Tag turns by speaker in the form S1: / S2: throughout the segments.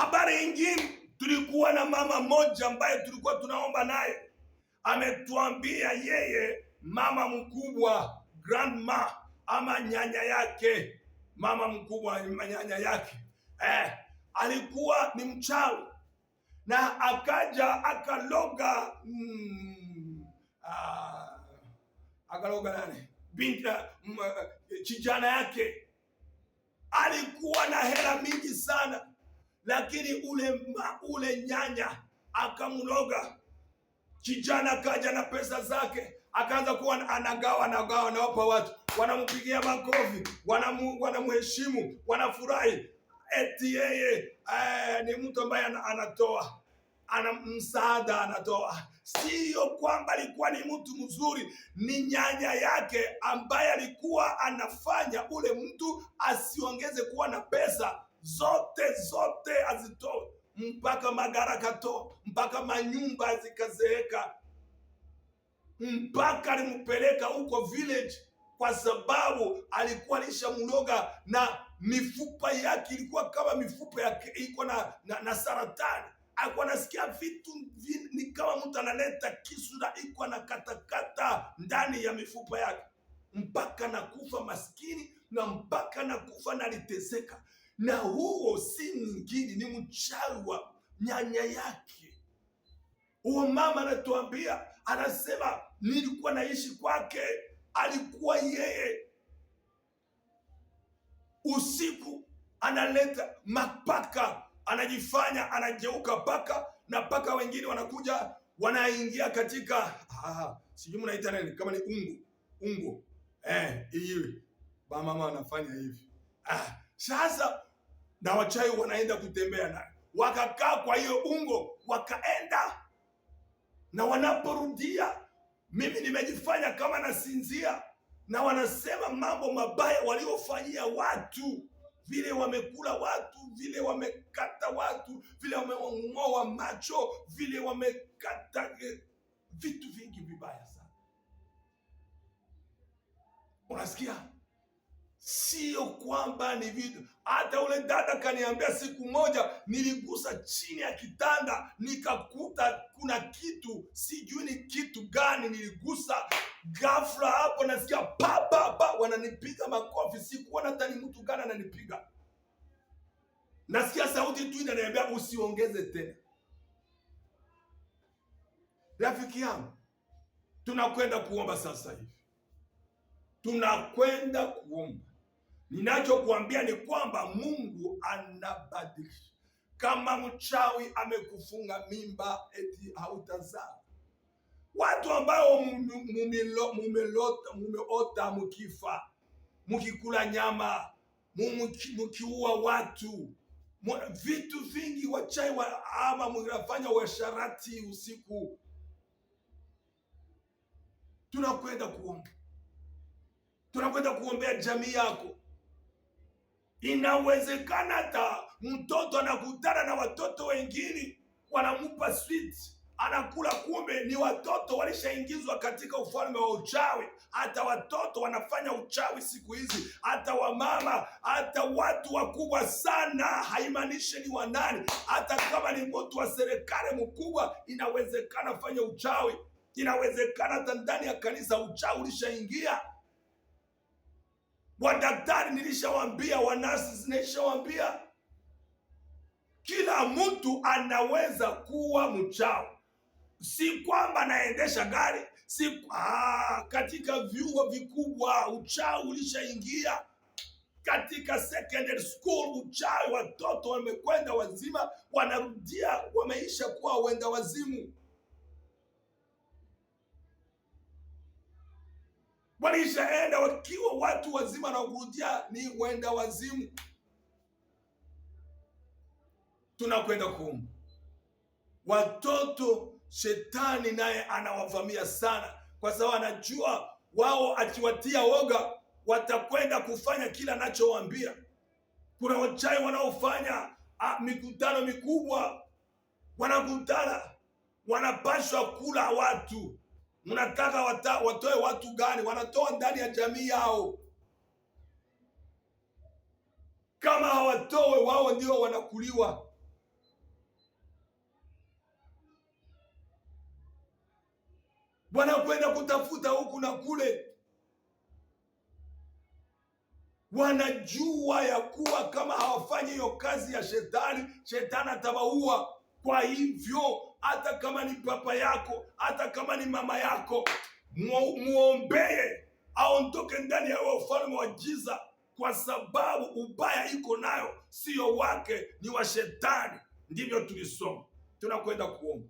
S1: Habari nyingine, tulikuwa na mama moja ambaye tulikuwa tunaomba naye, ametuambia yeye mama mkubwa grandma ama nyanya yake, mama mkubwa nyanya yake eh, alikuwa ni mchawi na akaja akaloga mm, ah, akaloga nani binti mm, eh, eh, kijana yake alikuwa na hela mingi sana lakini ule ma, ule nyanya akamloga kijana, kaja na pesa zake, akaanza kuwa anagawa anagawa, anawapa watu, wanampigia makofi, wanamheshimu, wanafurahi eti yeye eh, ni mtu ambaye anatoa ana msaada anatoa. Siyo kwamba alikuwa ni mtu mzuri, ni nyanya yake ambaye alikuwa anafanya ule mtu asiongeze kuwa na pesa zote zote azitoe, mpaka magara to mpaka manyumba zikazeeka, mpaka alimpeleka huko village, kwa sababu alikuwa alishamloga na mifupa yake ilikuwa kama mifupa yake iko na, na, na saratani. Alikuwa nasikia vitu ni kama mtu analeta kisu na iko na katakata ndani ya mifupa yake, mpaka nakufa maskini na mpaka nakufa naliteseka na huo si mwingine, ni mchawi wa nyanya yake. Huo mama anatuambia, anasema nilikuwa naishi kwake, alikuwa yeye usiku analeta mapaka, anajifanya anageuka paka, na paka wengine wanakuja wanaingia katika ah, sijui mnaita nini, kama ni ungu ungu, eh, ba mama anafanya hivi ah, sasa na wachawi wanaenda kutembea nayo, wakakaa kwa hiyo ungo, wakaenda na wanaporudia, mimi nimejifanya kama nasinzia, na wanasema mambo mabaya waliofanyia watu, vile wamekula watu, vile wamekata watu, vile wameng'oa macho, vile wamekata eh, vitu vingi vibaya sana, unasikia Sio kwamba ni vitu. Hata ule dada kaniambia siku moja, niligusa chini ya kitanda nikakuta kuna kitu, sijui ni kitu gani niligusa. Ghafla hapo nasikia pa pa pa, wananipiga makofi. Sikuona hata ni mtu gani ananipiga, nasikia sauti tu inaniambia usiongeze tena. Rafiki yangu, tunakwenda kuomba sasa hivi, tunakwenda kuomba Ninachokuambia ni kwamba Mungu anabadilisha. Kama mchawi amekufunga mimba eti hautazaa, watu ambao mumeota mkifa, mkikula nyama, mkiua watu, vitu vingi, wachai wa ama mnafanya uasharati usiku, tunakwenda kuomba, tunakwenda kuombea jamii yako Inawezekana hata mtoto anakutana na watoto wengine wanamupa sweet anakula, kumbe ni watoto walishaingizwa katika ufalme wa uchawi. Hata watoto wanafanya uchawi siku hizi, hata wamama, hata watu wakubwa sana, haimaanishi ni wanani. Hata kama ni mtu wa serikali mkubwa, inawezekana fanya uchawi, inawezekana hata ndani ya kanisa uchawi ulishaingia Wadaktari nilishawambia, wanasi nilishawambia, kila mtu anaweza kuwa mchawi. Si kwamba naendesha gari si ah, katika vyuo vikubwa uchawi ulishaingia katika secondary school uchawi, watoto wamekwenda wazima, wanarudia wameisha kuwa wenda wazimu. walishaenda wakiwa watu wazima na kurudia ni wenda wazimu. Tunakwenda kuumba watoto, shetani naye anawavamia sana, kwa sababu anajua wao akiwatia woga watakwenda kufanya kila anachowaambia. Kuna wachai wanaofanya mikutano mikubwa, wanakutana wanapashwa kula watu mnataka watoe watu gani? Wanatoa ndani ya jamii yao. Kama hawatoe wao ndio wanakuliwa. Wanakwenda kutafuta huku na kule, wanajua ya kuwa kama hawafanyi hiyo kazi ya shetani, shetani atawaua. Kwa hivyo hata kama ni papa yako, hata kama ni mama yako, muombee aondoke ndani ya ufalme wa giza, kwa sababu ubaya iko nayo siyo wake, ni wa Shetani. Ndivyo tulisoma. Tunakwenda kuomba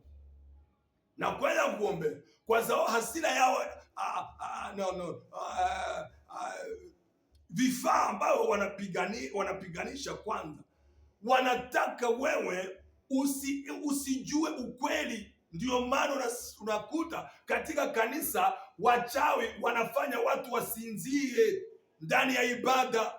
S1: na kwenda kuombe kwa sababu hasira yao ah, ah, ah, no, no, vifaa ambavyo wanapigani, wanapiganisha kwanza, wanataka wewe usi, usijue ukweli. ndio maana unakuta katika kanisa wachawi wanafanya watu wasinzie ndani ya ibada,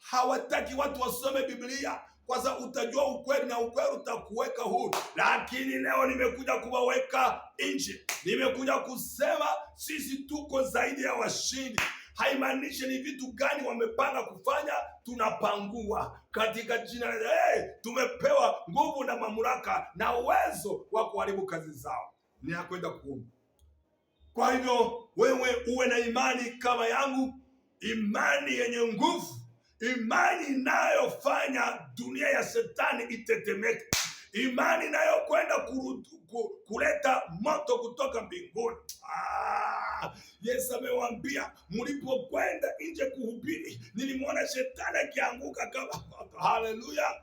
S1: hawataki watu wasome Biblia kwanza utajua ukweli na ukweli utakuweka huru. Lakini leo nimekuja kuwaweka nje, nimekuja kusema sisi tuko zaidi ya washindi haimaanishi ni vitu gani wamepanga kufanya, tunapangua katika jina la hey, tumepewa nguvu na mamlaka na uwezo wa kuharibu kazi zao. Ni ya kwenda kuomba. Kwa hivyo wewe uwe na imani kama yangu, imani yenye nguvu, imani inayofanya dunia ya shetani itetemeke imani inayokwenda kuleta moto kutoka mbinguni. Ah, Yesu amewambia mlipokwenda nje kuhubiri, nilimwona shetani akianguka kama moto. Haleluya!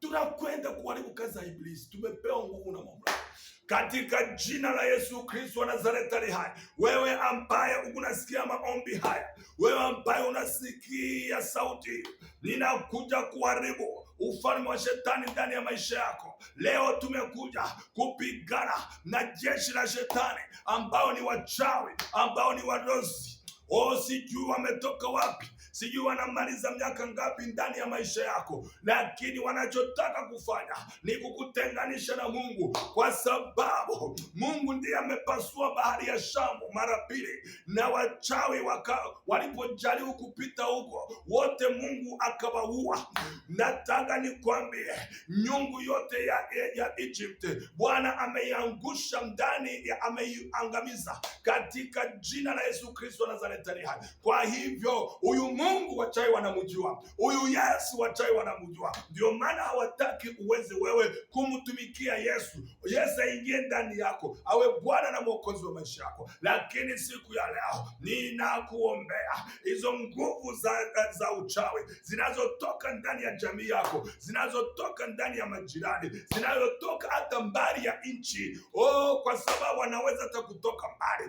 S1: Tunakwenda kuharibu kazi ya Ibilisi. Tumepewa nguvu na mamlaka katika jina la Yesu Kristo wa Nazareti ali hai. Wewe ambaye unasikia maombi haya, wewe ambaye unasikia sauti, ninakuja kuharibu ufalme wa shetani ndani ya maisha yako. Leo tumekuja kupigana na jeshi la shetani ambao ni wachawi, ambao ni wadozi Oh, sijui wametoka wapi, sijui wanamaliza miaka ngapi ndani ya maisha yako, lakini wanachotaka kufanya ni kukutenganisha na Mungu, kwa sababu Mungu ndiye amepasua bahari ya Shamu mara pili, na wachawi waka walipojaribu kupita huko wote Mungu akawaua. Nataka nikwambie, nyungu yote ya, ya Egypt Bwana ameiangusha ndani, ameiangamiza katika jina la Yesu Kristo wa Nazareti. Bethlehem. Kwa hivyo huyu Mungu wachai wanamjua, huyu Yesu wachai wanamjua, ndio maana hawataki uweze wewe kumtumikia Yesu. Yesu aingie ndani yako, awe Bwana na Mwokozi wa maisha yako. Lakini siku ya leo ninakuombea hizo nguvu za, za uchawi zinazotoka ndani ya jamii yako, zinazotoka ndani ya majirani, zinazotoka hata mbali ya nchi. Oh, kwa sababu anaweza hata kutoka mbali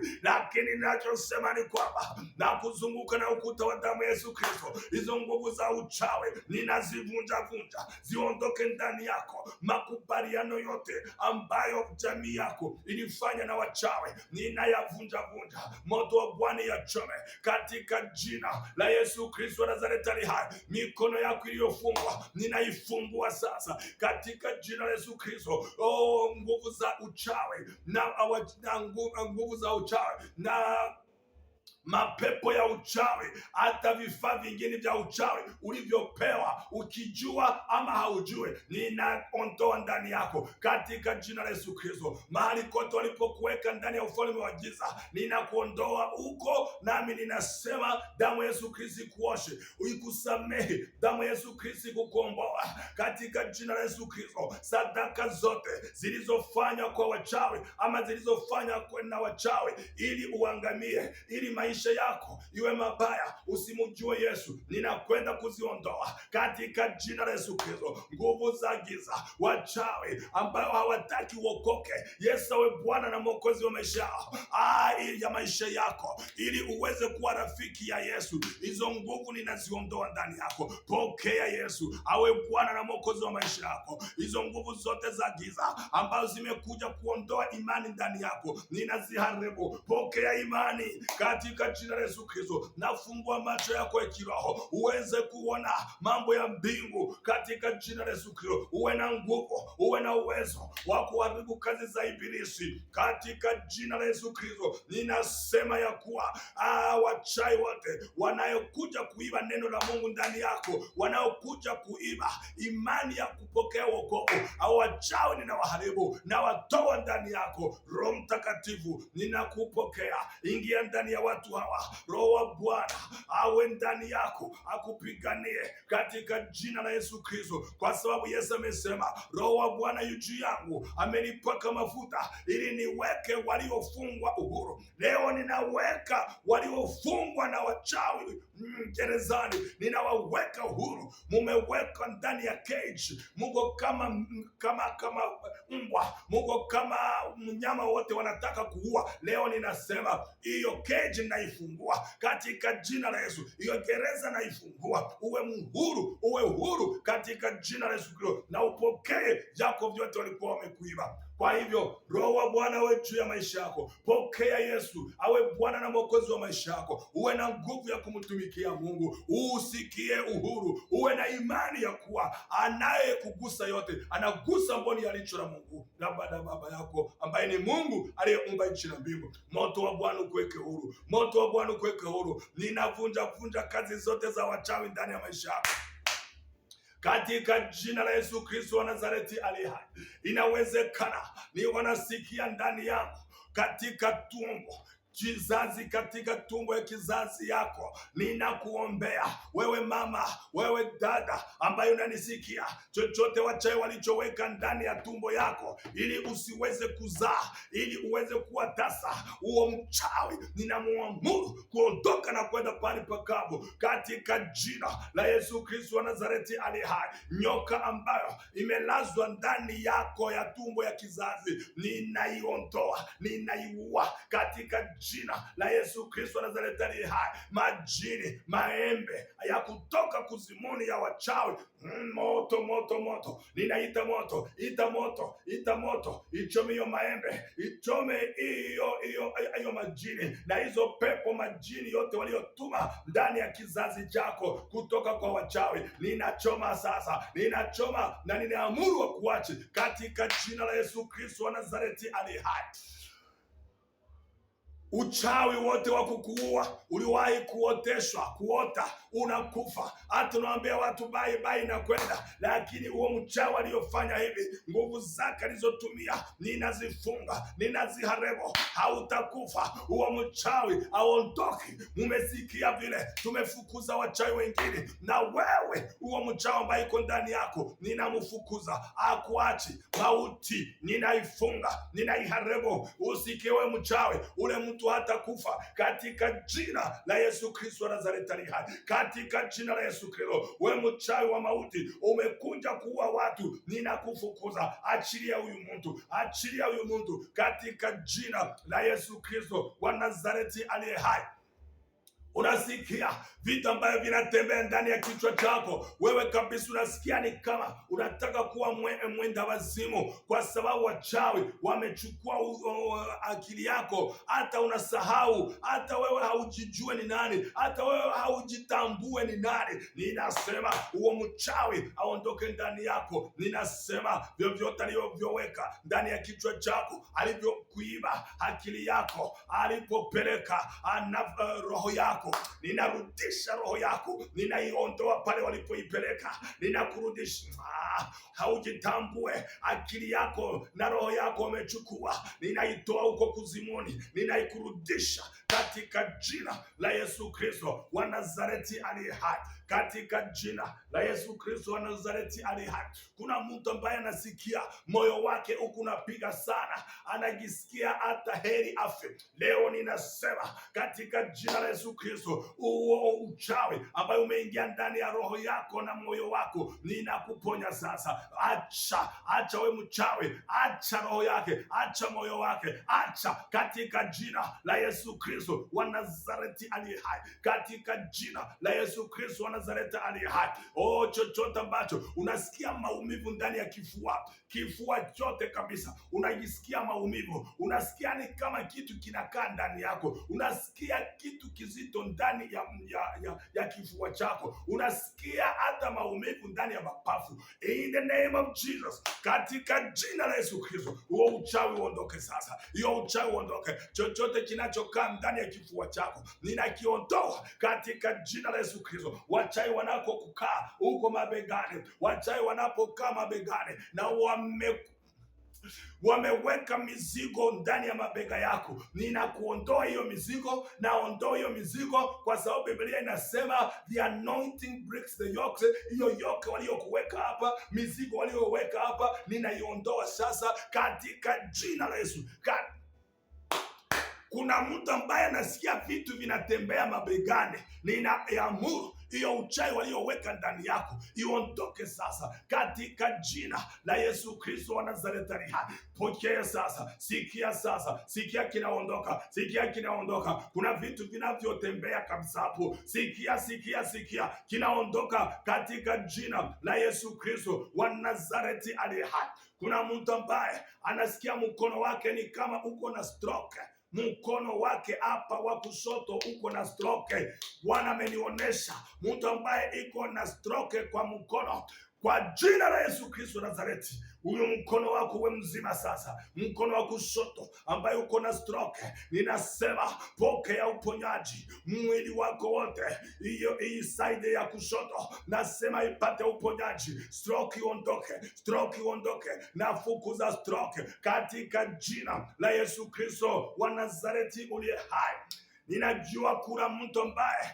S1: lakini ninachosema ni kwamba na kuzunguka na ukuta wa damu ya Yesu Kristo, hizo nguvu za uchawi ninazivunja vunja, ziondoke ndani yako. Makubaliano yote ambayo jamii yako ilifanya na wachawi ninayavunja vunja, moto wa Bwana yachome katika jina la Yesu Kristo wa Nazareti ali hai. Mikono yako iliyofungwa ninaifungua sasa katika jina la Yesu Kristo. Oh, nguvu za uchawi na nguvu za uchawi na já mapepo ya uchawi, hata vifaa vingine vya uchawi ulivyopewa, ukijua ama haujue, ninaondoa ndani yako katika jina la Yesu Kristo. Mahali kote walipokuweka ndani ya ufalme wa giza, ninakuondoa huko, nami ninasema damu ya Yesu Kristo ikuoshe, ikusamehe, damu ya Yesu Kristo ikukomboa katika jina la Yesu Kristo. Sadaka zote zilizofanywa kwa wachawi ama zilizofanywa na wachawi ili uangamie, ili maisha maisha yako iwe mabaya, usimjue Yesu, ninakwenda kuziondoa katika jina la Yesu Kristo. Nguvu za giza, wachawi ambayo hawataki uokoke, Yesu awe Bwana na Mwokozi wa maisha yao ya maisha yako, ili uweze kuwa rafiki ya Yesu. Hizo nguvu ninaziondoa ndani yako, pokea Yesu awe Bwana na Mwokozi wa maisha yako. Hizo nguvu zote za giza ambazo zimekuja kuondoa imani ndani yako, ninaziharibu. Pokea imani katika katika jina la Yesu Kristo, nafungua macho yako ya kiroho uweze kuona mambo ya mbingu katika jina la Yesu Kristo. Uwe na nguvu, uwe na uwezo wa kuharibu kazi za ibilisi katika jina la Yesu Kristo. Ninasema ya kuwa ah, wachai wote wanayokuja kuiba neno la Mungu ndani yako, wanaokuja kuiba imani ya kupokea wokovu, au nina ninawaharibu na watoa ndani yako. Roho Mtakatifu, ninakupokea, ingia ndani ya watu hawa. Roho wa Bwana awe ndani yako akupiganie katika jina la Yesu Kristo, kwa sababu Yesu amesema, Roho wa Bwana yu juu yangu, amenipaka mafuta ili niweke waliofungwa uhuru. Leo ninaweka waliofungwa na wachawi gerezani, ninawaweka uhuru. Mumeweka ndani ya cage, muko kama kama kama mbwa, muko kama mnyama wote wanataka kuua. Leo ninasema hiyo cage na naifungua katika jina la Yesu. Hiyo gereza naifungua, uwe mhuru, uwe huru katika jina la Yesu Kristo, na upokee vyako vyote walikuwa wamekuiba. Kwa hivyo roho Bwana awe juu ya maisha yako. Pokea Yesu awe Bwana na mwokozi wa maisha yako, uwe na nguvu ya kumtumikia Mungu, usikie uhuru, uwe na imani ya kuwa anayekugusa yote anagusa mboni ya licho la Mungu na Baba yako ambaye ni Mungu aliyeumba nchi na mbingu. Moto wa Bwana ukuweke huru, moto wa Bwana ukuweke huru. Ninavunja vunja kazi zote za wachawi ndani ya maisha yako katika jina la Yesu Kristo wa Nazareti ali hai. Inawezekana ni wanasikia ndani yako katika tumbo kizazi katika tumbo ya kizazi yako, ninakuombea wewe mama, wewe dada ambaye unanisikia, chochote wachawi walichoweka ndani ya tumbo yako ili usiweze kuzaa, ili uweze kuwa tasa, huo mchawi ninamuamuru kuondoka na kwenda pali pakavu katika jina la Yesu Kristo wa Nazareti ali hai. Nyoka ambayo imelazwa ndani yako ya tumbo ya kizazi ninaiondoa, ninaiua katika jina la Yesu Kristo Nazareti aliye hai, majini maembe ya kutoka kuzimuni ya wachawi. Mm, moto moto moto, ninaita moto, ita moto, ita moto, ichome hiyo maembe, ichome hiyo hiyo hiyo majini na hizo pepo majini yote waliotuma ndani ya kizazi chako kutoka kwa wachawi, ninachoma sasa, ninachoma na ninaamuru wakuache katika jina la Yesu Kristo wa Nazareti ali hai uchawi wote wa kukuua uliowahi kuoteshwa kuota unakufa. Hata unawaambia watu bye bye na kwenda, lakini huo mchawi aliyofanya hivi, nguvu zake alizotumia ninazifunga, ninaziharebo. Hautakufa, huo mchawi aondoki. Mumesikia vile tumefukuza wachawi wengine, na wewe huo mchawi ambaye iko ndani yako ninamfukuza, akuachi. Mauti ninaifunga, ninaiharebo. Usikiwe mchawi, ule mtu hatakufa katika jina la Yesu Kristo wa Nazareti ali hai katika jina la Yesu Kristo. We mchawi wa mauti, umekunja kuua watu, ninakufukuza. Achilia huyu mtu, achilia huyu mtu katika jina la Yesu Kristo wa Nazareti aliye hai. Unasikia vitu ambavyo vinatembea ndani ya kichwa chako wewe kabisa, unasikia ni kama unataka kuwa mwenda wazimu, kwa sababu wachawi wamechukua akili yako, hata unasahau, hata wewe haujijue ni nani, hata wewe haujitambue ni nani. Ninasema huo mchawi aondoke ndani yako. Ninasema vyovyote alivyoweka ndani ya kichwa chako, alivyokuiba akili yako, alipopeleka eh, roho yako yako, ninarudisha roho yako, ninaiondoa pale walipoipeleka, ninakurudisha. Ah, haujitambue, akili yako na roho yako wamechukua, ninaitoa huko kuzimuni, ninaikurudisha katika jina la Yesu Kristo wa Nazareti aliye hai katika jina la Yesu Kristo wa Nazareti ali hai. Kuna mtu ambaye anasikia moyo wake huku unapiga sana, anajisikia hata heri afe. Leo ninasema katika jina la Yesu Kristo, uo uchawi ambayo umeingia ndani ya roho yako na moyo wako ninakuponya sasa. Acha, acha we mchawi, acha roho yake, acha moyo wake, acha katika jina la Yesu Kristo wa Nazareti ali hai, katika jina la Yesu Kristo Nazareti aliye hai. Oh, chochote ambacho unasikia maumivu ndani ya kifua, kifua chote kabisa, unajisikia maumivu, unasikia ni kama kitu kinakaa ndani yako, unasikia kitu kizito ndani ya, ya, ya, ya kifua chako, unasikia hata maumivu ndani ya mapafu. In the name of Jesus, katika jina la Yesu Kristo, huo uchawi uondoke sasa, hiyo uchawi uondoke, chochote kinachokaa ndani ya kifua chako ninakiondoa katika jina la Yesu Kristo wachai wanakokukaa huko mabegani, wachai wanapokaa mabegani na wame wameweka mizigo ndani ya mabega yako, ninakuondoa hiyo mizigo, naondoa hiyo mizigo, kwa sababu Biblia inasema the anointing breaks the yoke. Hiyo yoke waliokuweka hapa, mizigo walioweka hapa, ninaiondoa sasa katika jina la Yesu. Kuna mtu ambaye anasikia vitu vinatembea mabegani, ninaamuru hiyo uchawi walioweka ndani yako iondoke sasa katika jina la Yesu Kristo wa Nazareti Pokea sasa, sikia sasa, sikia kinaondoka, sikia kinaondoka. Kuna vitu vinavyotembea kabisa hapo, sikia, sikia, sikia, kinaondoka katika jina la Yesu Kristo wa Nazareti ali hai. Kuna mtu ambaye anasikia mkono wake ni kama uko na stroke mkono wake hapa wa kushoto uko na stroke. Bwana amenionyesha mtu ambaye iko na stroke kwa mkono kwa jina la Yesu Kristo Nazareti, huyo mkono wako uwe mzima sasa, mkono wa kushoto ambaye uko na stroke, ninasema pokea uponyaji mwili wako wote. Hiyo hii side ya kushoto nasema ipate uponyaji, stroke iondoke, stroke iondoke, fuku za stroke katika jina la Yesu Kristo wa Nazareti uliye hai. Ninajua kuna mtu ambaye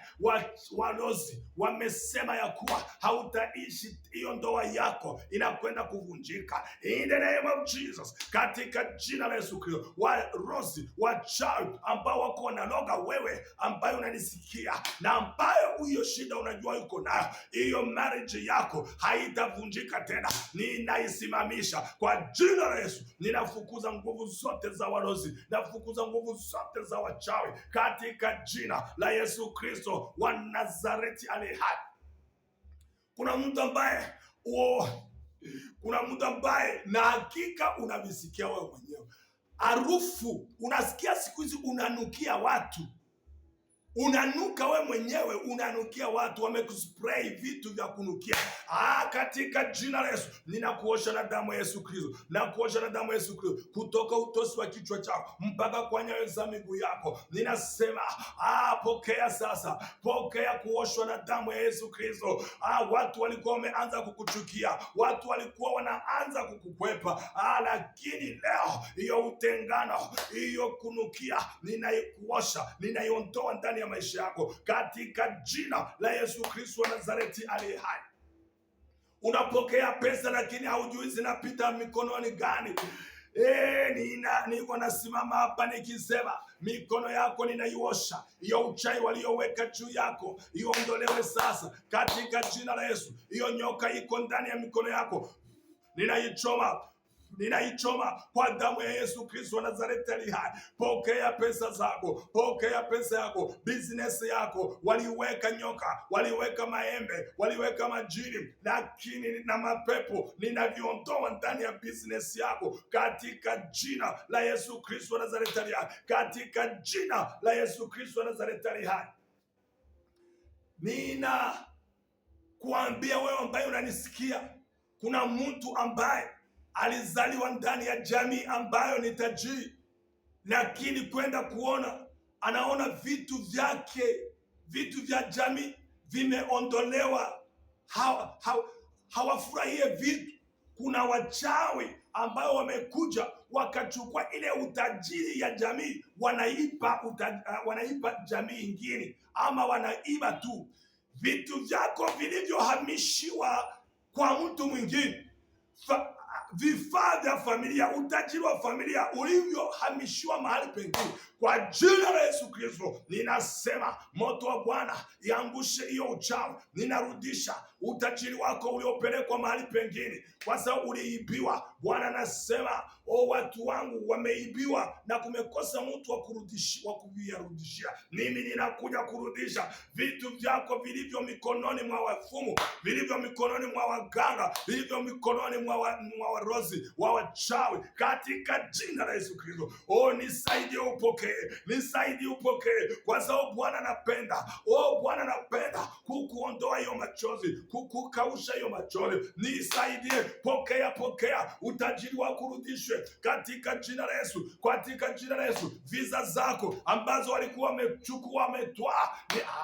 S1: walozi wamesema ya kuwa hautaishi, hiyo ndoa yako inakwenda kuvunjika. In the name of Jesus, katika jina la Yesu Kristo, wa wachawi ambao wako wanaloga wewe, ambayo unanisikia na ambayo huyo shida unajua yuko nayo, hiyo marriage yako haitavunjika tena. Ninaisimamisha kwa jina la Yesu, ninafukuza nguvu zote za walozi, nafukuza nguvu zote za wachawi katika jina la Yesu Kristo wa Nazareti aliye hai. Kuna mtu ambaye oh, kuna mtu ambaye na hakika unavisikia wewe mwenyewe, harufu unasikia siku hizi, unanukia watu unanuka we mwenyewe, unanukia watu, wamekuspray vitu vya kunukia. Ah, katika jina la Yesu ninakuosha na damu ya Yesu Kristo, nakuosha na damu ya Yesu Kristo kutoka utosi wa kichwa chako mpaka kwa nyayo za miguu yako. Ninasema ah, pokea sasa, pokea kuoshwa na damu ya Yesu Kristo. Ah, watu walikuwa wameanza kukuchukia, watu walikuwa wanaanza kukukwepa. Ah, lakini leo hiyo utengano, hiyo kunukia, ninaikuosha, ninaiondoa ndani ya maisha yako katika jina la Yesu Kristo wa Nazareti aliye hai. Unapokea pesa lakini haujui zinapita mikononi gani? E, nina niko nasimama hapa nikisema mikono yako ninaiosha, hiyo uchai walioweka juu yako iondolewe sasa katika jina la Yesu. Hiyo nyoka iko ndani ya mikono yako ninaichoma ninaichoma kwa damu ya Yesu Kristo wa Nazareti ali hai. Pokea pesa zako, pokea pesa yako, business yako. Waliweka nyoka, waliweka maembe, waliweka majini, lakini na mapepo ninaviondoa ndani ya business yako katika jina la Yesu Kristo wa Nazareti ali hai, katika jina la Yesu Kristo wa Nazareti ali hai. Nina kuambia wewe ambaye unanisikia, kuna mtu ambaye alizaliwa ndani ya jamii ambayo ni tajiri, lakini kwenda kuona, anaona vitu vyake, vitu vya jamii vimeondolewa, hawafurahie hawa vitu. Kuna wachawi ambao wamekuja wakachukua ile utajiri ya jamii wanaipa, uta, wanaipa jamii ingine, ama wanaiba tu vitu vyako vilivyohamishiwa kwa mtu mwingine vifaa vya familia, utajiri wa familia ulivyohamishiwa mahali pengine. Kwa jina la Yesu Kristo ninasema moto wa Bwana iangushe hiyo uchawi. Ninarudisha utajiri wako uliopelekwa mahali pengine, kwa sababu uliibiwa. Bwana nasema o, watu wangu wameibiwa na kumekosa mtu wa kurudishia, wa kuviyarudishia. Mimi ninakuja kurudisha vitu vyako vilivyo mikononi mwa wafumu, vilivyo mikononi mwa waganga, vilivyo mikononi mwa warozi wa wachawi, katika jina la Yesu Kristo. O, nisaidie upoke upokee, nisaidie upokee, kwa sababu Bwana anapenda, oh, Bwana anapenda kukuondoa hiyo machozi, kukukausha hiyo machozi. Nisaidie, pokea, pokea utajiri wako urudishwe katika jina la Yesu, katika jina la Yesu. Visa zako ambazo walikuwa wamechukua wametwaa,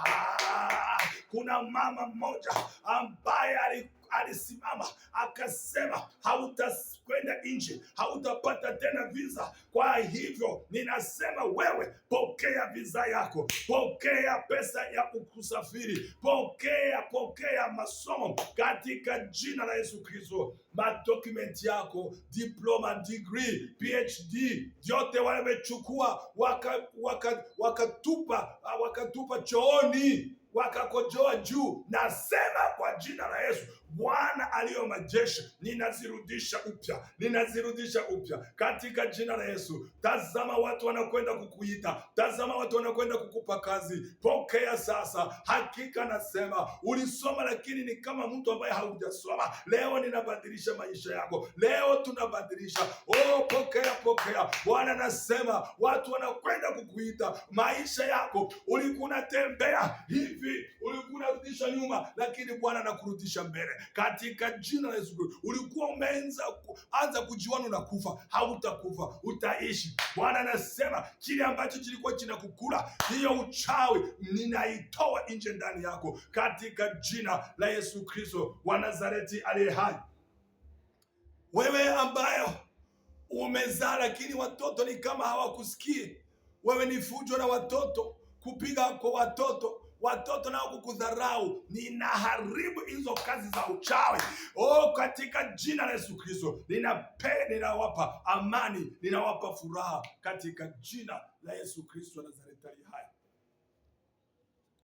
S1: ah, kuna mama mmoja ambaye alikuwa alisimama akasema, hautakwenda nje, hautapata tena visa. Kwa hivyo ninasema wewe, pokea visa yako, pokea pesa ya ukusafiri, pokea, pokea masomo katika jina la Yesu Kristo. Madokumenti yako, diploma, degree, PhD, yote wamechukua wakatupa, waka, waka wakatupa chooni, wakakojoa juu. Nasema kwa jina la Yesu Bwana aliyo majeshi, ninazirudisha upya, ninazirudisha upya katika jina la Yesu. Tazama watu wanakwenda kukuita, tazama watu wanakwenda kukupa kazi, pokea sasa. Hakika nasema ulisoma, lakini ni kama mtu ambaye haujasoma. Leo ninabadilisha maisha yako, leo tunabadilisha. Oh, pokea, pokea. Bwana nasema watu wanakwenda kukuita, maisha yako ulikuwa unatembea hivi, ulikuwa unarudisha nyuma, lakini Bwana anakurudisha mbele katika jina la Yesu Kristo. Ulikuwa umeanza anza kujiona unakufa, hautakufa, utaishi. Bwana anasema kile ambacho kilikuwa kinakukula hiyo uchawi, ninaitoa nje ndani yako katika jina la Yesu Kristo wa Nazareti aliye hai. Wewe ambayo umezaa lakini watoto ni kama hawakusikii wewe, ni fujo na watoto, kupiga kwa watoto watoto nao kukudharau, ninaharibu hizo kazi za uchawi oh, katika jina la Yesu Kristo ninawapa amani, ninawapa furaha katika jina la Yesu Kristo wa Nazareti hai